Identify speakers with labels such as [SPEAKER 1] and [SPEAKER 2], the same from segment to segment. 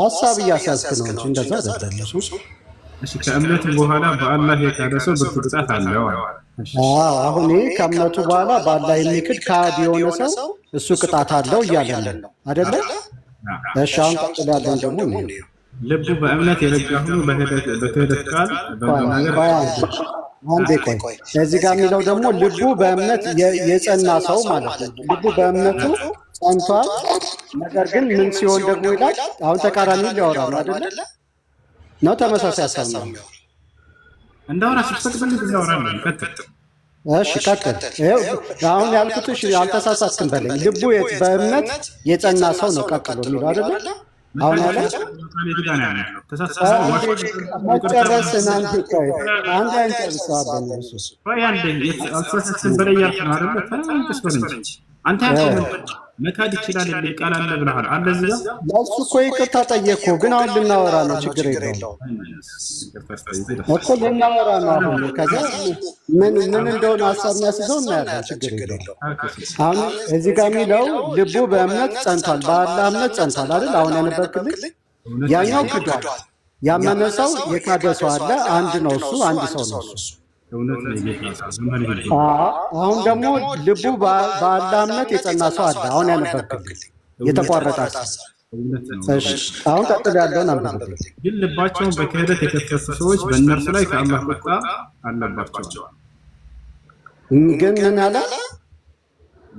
[SPEAKER 1] ሀሳብ እያሳስክ ነው እንጂ እንደዛ አይደለም። እሺ ከእምነቱ በኋላ በአላህ የካደ ሰው ብርቱ ቅጣት አለው። አሁን ይህ ከእምነቱ በኋላ በአላህ የሚክድ ካድ የሆነ ሰው እሱ ቅጣት አለው እያለን አደለ? እሺ አሁን ቀጥላለን ደግሞ ልቡ በእምነት የረጋ ሁኑ በክህደት ቃል አንዴ ቆይ፣ እዚህ ጋር የሚለው ደግሞ ልቡ በእምነት የጸና ሰው ማለት ነው። ልቡ በእምነቱ ጸንቷል። ነገር ግን ምን ሲሆን ደግሞ ይላል። አሁን ተቃራኒውን ሊያወራ ነው አይደለ? ነው ተመሳሳይ ሀሳብ ነው። እንዳውራ ስትፈቅድልኝ እንዳውራ ነው። እሺ ቀጥል። አሁን ያልኩት እሺ፣ አልተሳሳትክም በለኝ። ልቡ በእምነት የጸና ሰው ነው ቀጥሎ የሚለው አይደለ? አሁን አለ መጨረስን አንድ አንተ መካድ ይችላል የሚል ቃል አለ ብለሃል። አለ እዚህ ለእሱ እኮ ይቅርታ ጠየቅኩ፣ ግን አሁን ልናወራ ነው። ችግር የለውም እኮ ልናወራ ነው። አሁን ከዚያ ምን ምን እንደሆነ ሀሳብ የሚያስይዘው እናያለን። ችግር የለውም። አሁን እዚህ ጋር የሚለው ልቡ በእምነት ጸንቷል፣ በአላህ እምነት ጸንቷል አይደል? አሁን ያነበብክልኝ ያኛው ክዷል። ያመነ ሰው የካደ ሰው አለ። አንድ ነው እሱ፣ አንድ ሰው ነው እሱ አሁን ደግሞ ልቡ በአላ እምነት የጸና ሰው አለ። አሁን ያነበብክልኝ የተቋረጠ አሁን ቀጥል ያለውን አንብብልኝ። ግን ልባቸውን በክህደት የከሰሱ ሰዎች በእነርሱ ላይ ከአላህ ቁጣ አለባቸው። ግን ምን አለ?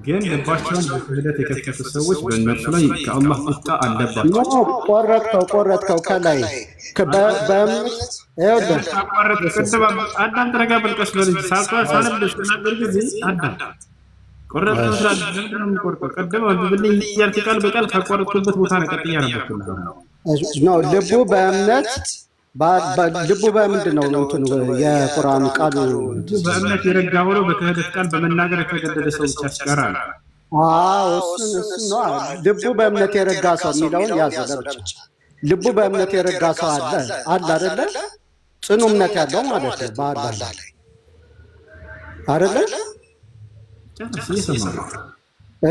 [SPEAKER 1] ግን ልባቸውን በክህደት የከፈቱ ሰዎች በእነሱ ላይ ከአላህ ቁጣ አለባቸው። ቆረጥከው ቆረጥከው ከላይ አዳም ተረጋ በልቀስ በልጅ ሳለብሽ ጊዜ ቆረጥ ቀደም ብልኝ እያልክ ቃል በቃል ካቋረጥኩበት ቦታ ነው ቀጥያ ነበር ልቡ በእምነት ልቡ በምንድን ነው? እንትን የቁርአን ቃሉ በእምነት የረጋ ብሎ በክህደት ቃል በመናገር የተገደደ ሰው ብቻ ሲቀር አለ። ልቡ በእምነት የረጋ ሰው የሚለውን ያዘ ለብቻ። ልቡ በእምነት የረጋ ሰው አለ አለ አደለ? ጽኑ እምነት ያለው ማለት ነው በአላ ላይ አደለ?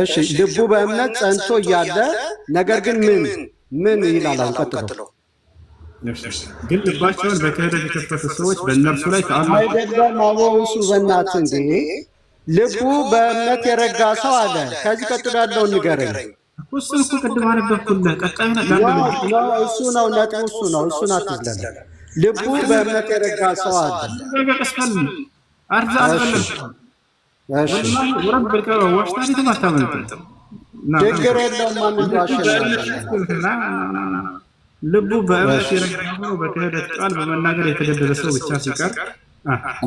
[SPEAKER 1] እሺ ልቡ በእምነት ጸንቶ እያለ ነገር ግን ምን ምን ይላል? አሁን ቀጥለው ግን ልባቸውን በክህደት የከፈቱ ሰዎች በእነርሱ ላይ ከአላህ በእናት እንዴ ልቡ በእምነት የረጋ ሰው አለ። ከዚህ ቀጥሎ ያለውን ንገረኝ። እሱን እኮ ቅድም አነበብኩልህ። እሱ ነው ነጥቡ፣ እሱ ነው እሱን አትዝለም። ልቡ በእምነት የረጋ ሰው አለ። አርዛ ረብ ቀበ አታመልጥም። ችግር የለውም ማንም ልቡ በእምነት የረጋው በክህደት ቃል በመናገር የተገደለ ሰው ብቻ ሲቀር፣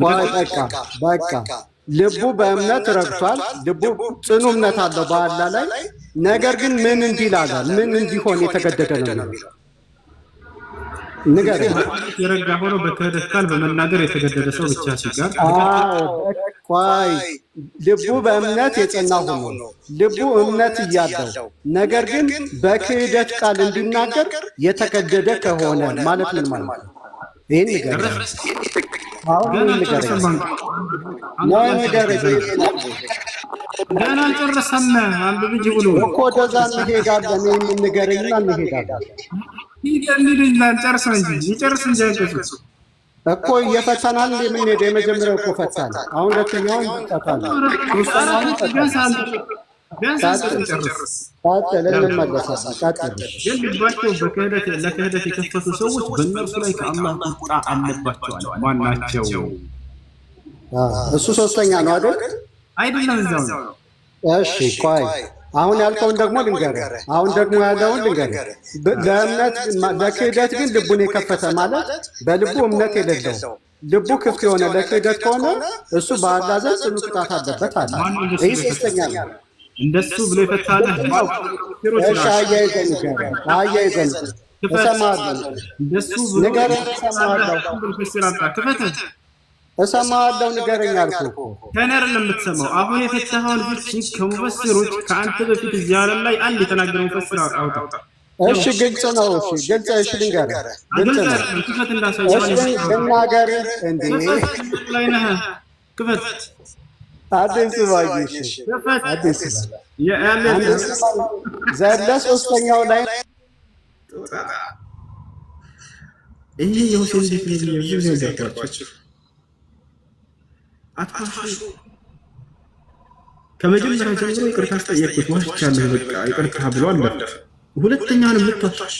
[SPEAKER 1] ቆይ በቃ በቃ ልቡ በእምነት ረግቷል። ልቡ ጽኑ እምነት አለው በአላ ላይ ነገር ግን ምን እንዲላለ ምን እንዲሆን የተገደደ ነው የሚለው የረጋ ሆኖ በክህደት ቃል በመናገር የተገደደ ሰው ብቻ ሲጋር ቆይ ልቡ በእምነት የጸና ሆኖ ልቡ እምነት እያለው ነገር ግን በክህደት ቃል እንዲናገር የተገደደ ከሆነ ማለት ምን ማለት ነው? ይህን ንገረኝ፣ ገና አልጨረሰም። አንዱ ልጅ ብሎ እኮ ወደዛ እንሄዳለን። ይህን ንገረኝና እንሄዳለን እኮ እየፈተናል የምንሄደው የመጀመሪያው እኮ ፈታን። አሁን ሁለተኛውን ፈታን፣ ግን ልባቸው ለክህደት የከፈቱ ሰዎች በእነርሱ ላይ ከአላህ ቁጣ አለባቸዋል። ማናቸው? እሱ ሶስተኛ ነው አይደል? አይደለም እዛው ነው። እሺ ቆይ አሁን ያልከውን ደግሞ ልንገርህ። አሁን ደግሞ ያለውን ልንገርህ። ለእምነት ለክህደት ግን ልቡን የከፈተ ማለት በልቡ እምነት የሌለው ልቡ ክፍት የሆነ ለክህደት ከሆነ እሱ በአላህ ዘንድ ጽኑ ቅጣት አለበት አለ። ይህ ሶስተኛ ነው። እንደሱ ብሎ የፈታለህ አያይዘን ንገረን፣ አያይዘን እሰማሃለሁ፣ ንገረን እሰማሃለሁ። እሰማዋለሁ ንገረኝ አልኩ። ከነር የምትሰማው አሁን የፈታኸውን ፍቺ ከሙፈስሮች ከአንተ በፊት እዚህ ዓለም ላይ አንድ የተናገረ ሙፈስር አውጣ። እሺ ግልጽ ነው። እሺ ግልጽ እሺ ልንገር ግልጽ ነው። ክፈት እንዳሳየህ ልናገር። እንዴ ላይ ነህ? ክፈት አዲስ ባጊሽ አዲስ ዘለ ሶስተኛው ላይ ይሄ የሁሴን ቤት ነው። ይሄ ነው ዘርካችሁ አትፋሹ። ከመጀመሪያ ጀምሮ ይቅርታ አስጠየቅኩት፣ ዋሽቻለሁ፣ በቃ ይቅርታ ብሎ አለፈ። ሁለተኛውንም ልታሽ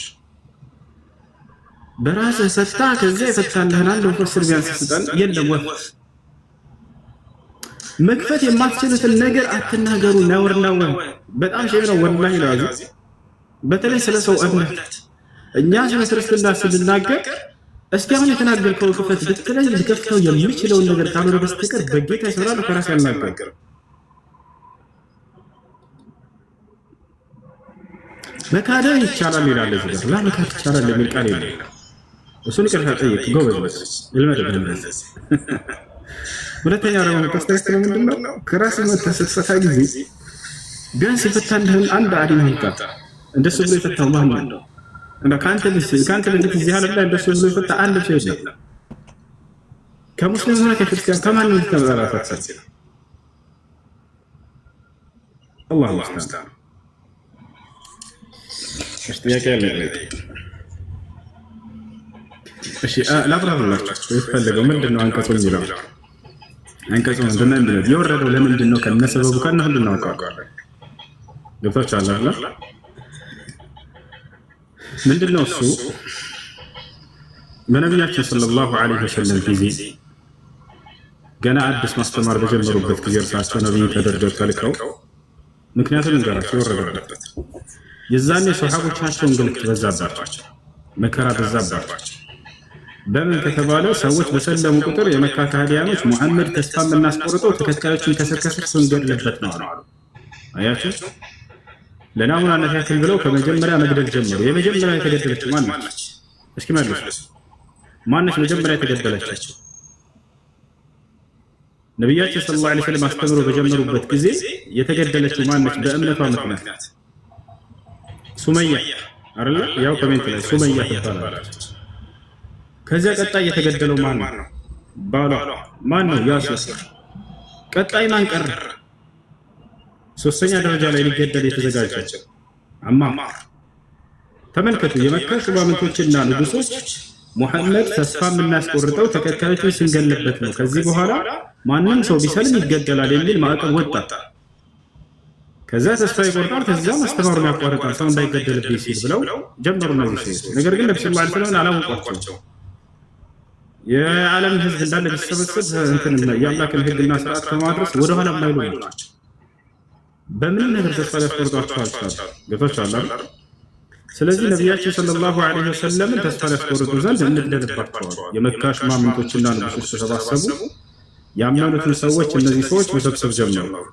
[SPEAKER 1] በራስህ ሰታ ከዚያ የፈታልህን አንድ ወፍ እስር ቢያንስ ስጠን። የለም ወፍ መክፈት የማትችሉትን ነገር አትናገሩ፣ ነውር ነው። በጣም ሼም ነው ወላሂ ላዙ። በተለይ ስለ ሰው እምነት እኛ ስለ ክርስትና ስንናገር እስኪ አሁን የተናገርከው ክፈት ብትለኝ ልከፍተው የሚችለውን ነገር ካልሆነ በስተቀር በጌታ ይሰራሉ ከራስ ያናገር። መካደ ይቻላል ይላል እዚህ ጋር ላ መካድ ይቻላል የሚል ቃል የለ። እሱን ይቅርታ ጠይቅ ጎበዝ ልመድ ብለህ ሁለተኛ ደግሞ የምታስተካክለው ምንድን ነው? ከራስ መተሰሰፋ ጊዜ ቢያንስ የፈታ እንደህን አንድ አዲም ህንቃ እንደሱ ብሎ የፈታው ማን ነው? ከአንተ በፊት እዚህ ዓለም ላይ እንደሱ ብሎ የፈታ አንድ ሰው የለም። ከሙስሊም ሆነ ከክርስቲያን ከማንም ተመራራታት አላህ ስታን ጥያቄ ላብራራላችሁ የተፈለገው ምንድን ነው? አንቀጹ የሚለው አንቀጹ ምንድን ነው የወረደው ለምንድን ነው? ከነሰበቡ ከነ እናውቀዋለን። ገብታችኋል? ምንድን ነው እሱ? በነቢያችን ሰለላሁ ዐለይሂ ወሰለም ጊዜ ገና አዲስ ማስተማር በጀመሩበት ጊዜ እርሳቸው ነቢይ ተደርገው ተልከው ምክንያቱም እንገራቸው ይወረደበት የዛኔ ሰሃቦቻቸው እንግልት በዛባቸው፣ መከራ በዛባቸው። በምን ከተባለ ሰዎች በሰለሙ ቁጥር የመካ ከሃዲያኖች ሙሐመድ ተስፋ የምናስቆርጠው ተከታዮችን ከስር ከስር ስንገድልበት ነው አሉ። አያቸው ለናሙናነት ያክል ብለው ከመጀመሪያ መግደል ጀመሩ። የመጀመሪያ የተገደለች ማን ነች? እስኪ መልሱ። ማነች መጀመሪያ የተገደለችው? ነቢያችን ሰለላሁ ዐለይሂ ወሰለም አስተምሮ በጀመሩበት ጊዜ የተገደለችው ማነች? በእምነቷ ምክንያት ሱመያ አይደለ? ያው ኮሜንት ላይ ሱመያ ትባላለች። ከዚያ ቀጣይ የተገደለው ማን ነው? ባሏ ማን ነው? ያሲር። ቀጣይ ማን ቀረ? ሶስተኛ ደረጃ ላይ ሊገደል የተዘጋጀ አማር። ተመልከቱ፣ የመካ ሹማምንቶችና ንጉሶች ሙሐመድ ተስፋ የምናስቆርጠው ተከታዮችን ስንገለበት ነው፣ ከዚህ በኋላ ማንም ሰው ቢሰልም ይገደላል የሚል ማዕቀብ ወጣ። ከዛ ተስፋ ይቆርጣል፣ ከዚያ አስተማሩን ያቋርጣል ሰው እንዳይገደልብኝ ሲል ብለው ጀመሩ ነው። ነገር ግን ነብስ ማለት ስለም አላወቋቸው። የዓለም ህዝብ እንዳለ ቢሰበሰብ እንትን የአምላክን ህግና ስርዓት ከማድረስ ወደኋላ ማይሉ ናቸው። በምንም ነገር ተስፋ ሊያስቆርጧቸው አልቻሉ። ገብቷችኋል አይደል? ስለዚህ ነቢያችን ሰለላሁ ዐለይሂ ወሰለምን ተስፋ ሊያስቆርጡ ዘንድ እንግደልባቸዋል። የመካ ሽማምንቶችና ንጉሶች ተሰባሰቡ። ያመኑትን ሰዎች እነዚህ ሰዎች መሰብሰብ ጀመሩ።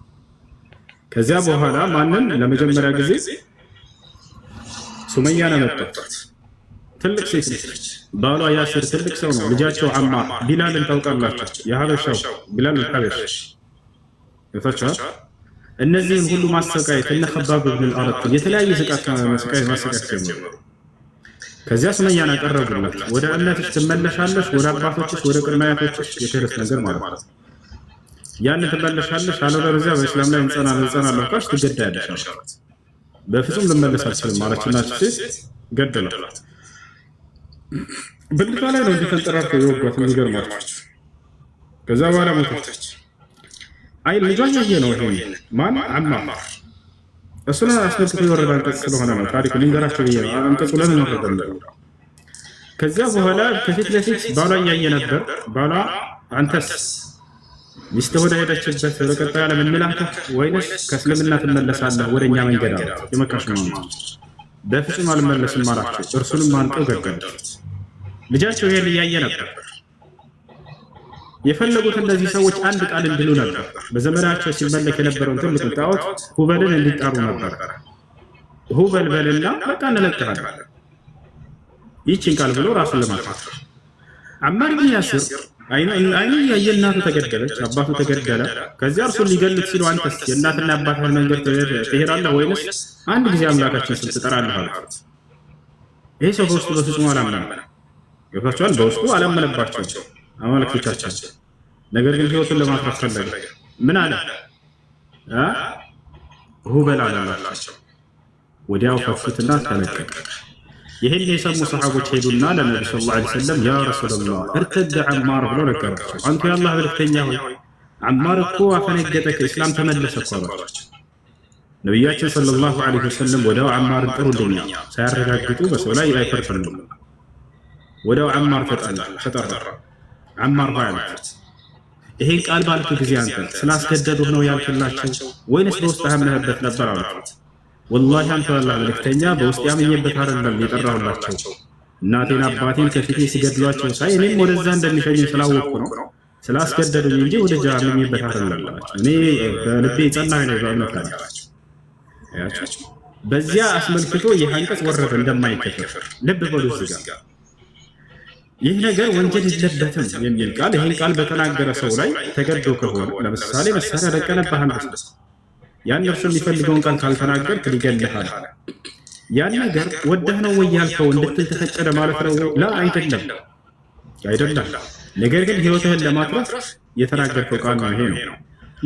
[SPEAKER 1] ከዚያ በኋላ ማንን ለመጀመሪያ ጊዜ ሱመያን አመጧት። ትልቅ ሴት ነች። ባሏ ያሲር ትልቅ ሰው ነው። ልጃቸው አማር ቢላልን ታውቃላቸው። የሀበሻው ቢላል ልሐበሽ እነዚህን ሁሉ ማሰቃየት እነ ከባብ ብን አረቅ የተለያየ ስቃት ማሰቃየት ማሰቃየት ጀመሩ። ከዚያ ሱመያን አቀረቡላት። ወደ እምነትሽ ትመለሻለሽ፣ ወደ አባቶችሽ፣ ወደ ቅድመ አያቶችሽ የክህረት ነገር ማለት ነው። ያን ትመለሻለሽ፣ አለበለዚያ በእስላም ላይ እንጸና ልንጸና ለውቃሽ ትገዳያለሽ። በፍጹም ልመለስ አልችልም ማለችና ሴት ገደላት። ብልቷ ላይ ነው እንዲህ ተንጠራርተው የወጓት የሚገርማችሁ። ከዛ በኋላ ሞተች። አይ ልጇ ያየ ነው። ይሄ ማን አማማር እሱን አስመልክቶ የወረደ አንቀጽ ስለሆነ ነው። ታሪኩ ልንገራቸው ብዬ ነው። አንቀጹ ለምን ወረደ? ከዚያ በኋላ ከፊት ለፊት ባሏ እያየ ነበር። ባሏ አንተስ ሚስት ወደ ሄደችበት ወደ ቀጣዩ ዓለም እንላክህ ወይንስ ከእስልምና ትመለሳለህ ወደ እኛ መንገድ አለ። የመካሽ ማማ በፍጹም አልመለስም አላቸው። እርሱንም አንቀው ገደሉት። ልጃቸው ይሄን እያየ ነበር የፈለጉት እነዚህ ሰዎች አንድ ቃል እንዲሉ ነበር። በዘመናቸው ሲመለክ የነበረውን ትልቁን ጣዖት ሁበልን እንዲጣሩ ነበር። ሁበል በልና በቃ እንለቅሃለን፣ ይችን ቃል ብሎ ራሱን ለማጥፋት አማር ብን ያስር አይኑ እያየ እናቱ ተገደለች፣ አባቱ ተገደለ። ከዚያ እርሱ ሊገልት ሲሉ አንተስ የእናትና አባትህን መንገድ ትሄዳለህ ወይንስ አንድ ጊዜ አምላካችን ስም ትጠራለህ አሉት። ይሄ ሰው በውስጡ በፍጹም አላመነም። ገብቷቸዋል። በውስጡ አላመነባቸውም። አማልክቶቻችን። ነገር ግን ህይወቱን ለማትረፍ ፈለገ። ምን አለ? ሁበል አላላቸው። ወዲያው ከፍትና ተለቀቀ። ይህን የሰሙ ሰሓቦች ሄዱና ለነቢ ስ ላ ሰለም ያ ረሱላላ እርተደ አማር ብሎ ነገራቸው። አንቱ የአላህ መልክተኛ ሆይ አማር እኮ አፈነገጠ፣ ከእስላም ተመለሰ እኮ አሏቸው። ነቢያችን ሰለላሁ ዐለይሂ ወሰለም ወዲያው አማርን ጥሩልኛ፣ ሳያረጋግጡ በሰው ላይ አይፈርፈሉም። ወዲያው አማር ተጠራ። አማር ሆይ ይሄን ቃል ባልኩ ጊዜ አንተ ስላስገደዱህ ነው ያልክላቸው ወይንስ በውስጥ አምነህበት ነበር አሉት። ወላሂ አንተ ያላ መልእክተኛ በውስጥ ያመኘበት አይደለም የጠራሁላቸው እናቴን አባቴን ከፊቴ ሲገድሏቸው ሳይ እኔም ወደዛ እንደሚሸኙ ስላወቅኩ ነው ስላስገደዱኝ እንጂ ወደ ጃ ያመኘበት አይደለም እኔ በልቤ የጸና ነው በእምነት አላቸው። በዚያ አስመልክቶ ይህ አንቀጽ ወረደ እንደማይከፈር ልብ በሉ እዚህ ይህ ነገር ወንጀል የለበትም የሚል ቃል ይህን ቃል በተናገረ ሰው ላይ ተገዶ ከሆነ ለምሳሌ መሳሪያ ደቀነብህ አንድ ያን እርሱ የሚፈልገውን ቃል ካልተናገርክ ሊገልሃል። ያን ነገር ወደህ ነው ወይ ያልከው እንድትል ተፈቀደ ማለት ነው? ላ አይደለም፣ አይደለም። ነገር ግን ህይወትህን ለማትረፍ የተናገርከው ቃል ነው። ይሄ ነው።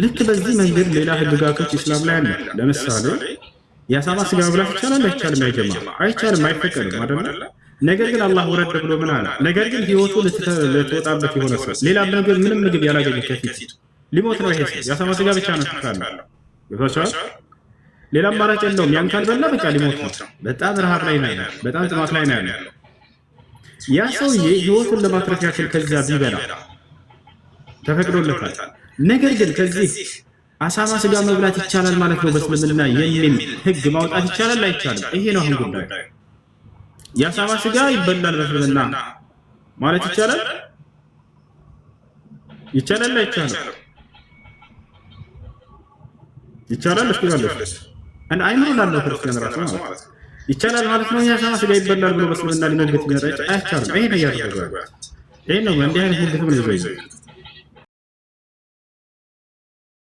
[SPEAKER 1] ልክ በዚህ መንገድ ሌላ ህግጋቶች ኢስላም ላይ አለ። ለምሳሌ የአሳማ ስጋ መብላት ይቻላል አይቻልም? አይጀማ አይቻልም፣ አይፈቀድም አይደለ ነገር ግን አላህ ወረድ ብሎ ምን አለ? ነገር ግን ህይወቱ ልትወጣበት የሆነ ሰው ሌላ ነገር ምንም ምግብ ያላገኘ ከፊት ሊሞት ነው። ይሄ ሰው የአሳማ ስጋ ብቻ ነው ይፈሷል። ሌላ አማራጭ የለውም። ያን ካልበላ በቃ ሊሞት ነው። በጣም ረሃብ ላይ ነው፣ በጣም ጥማት ላይ ነው ያለው። ያ ሰውዬ ህይወቱን ለማትረፍ ያክል ከዚያ ቢበላ ተፈቅዶለታል። ነገር ግን ከዚህ አሳማ ስጋ መብላት ይቻላል ማለት ነው በእስልምና የሚል ህግ ማውጣት ይቻላል አይቻልም? ይሄ ነው አሁን ጉዳይ የአሳማ ስጋ ይበላል በእስልምና ማለት ይቻላል? ይቻላል አይቻልም? ይቻላል እስኪ ባለስ አንድ አይምሮ ላለው ክርስቲያን ራሱ ማለት ይቻላል ማለት ነው። የአሳማ ስጋ ይበላል ብሎ በእስልምና ሊመግት ቢመጣ አይቻልም። ይሄ ነው ያደረገው። ይሄ ነው እንዲህ አይነት ሙግት ምን ይዘው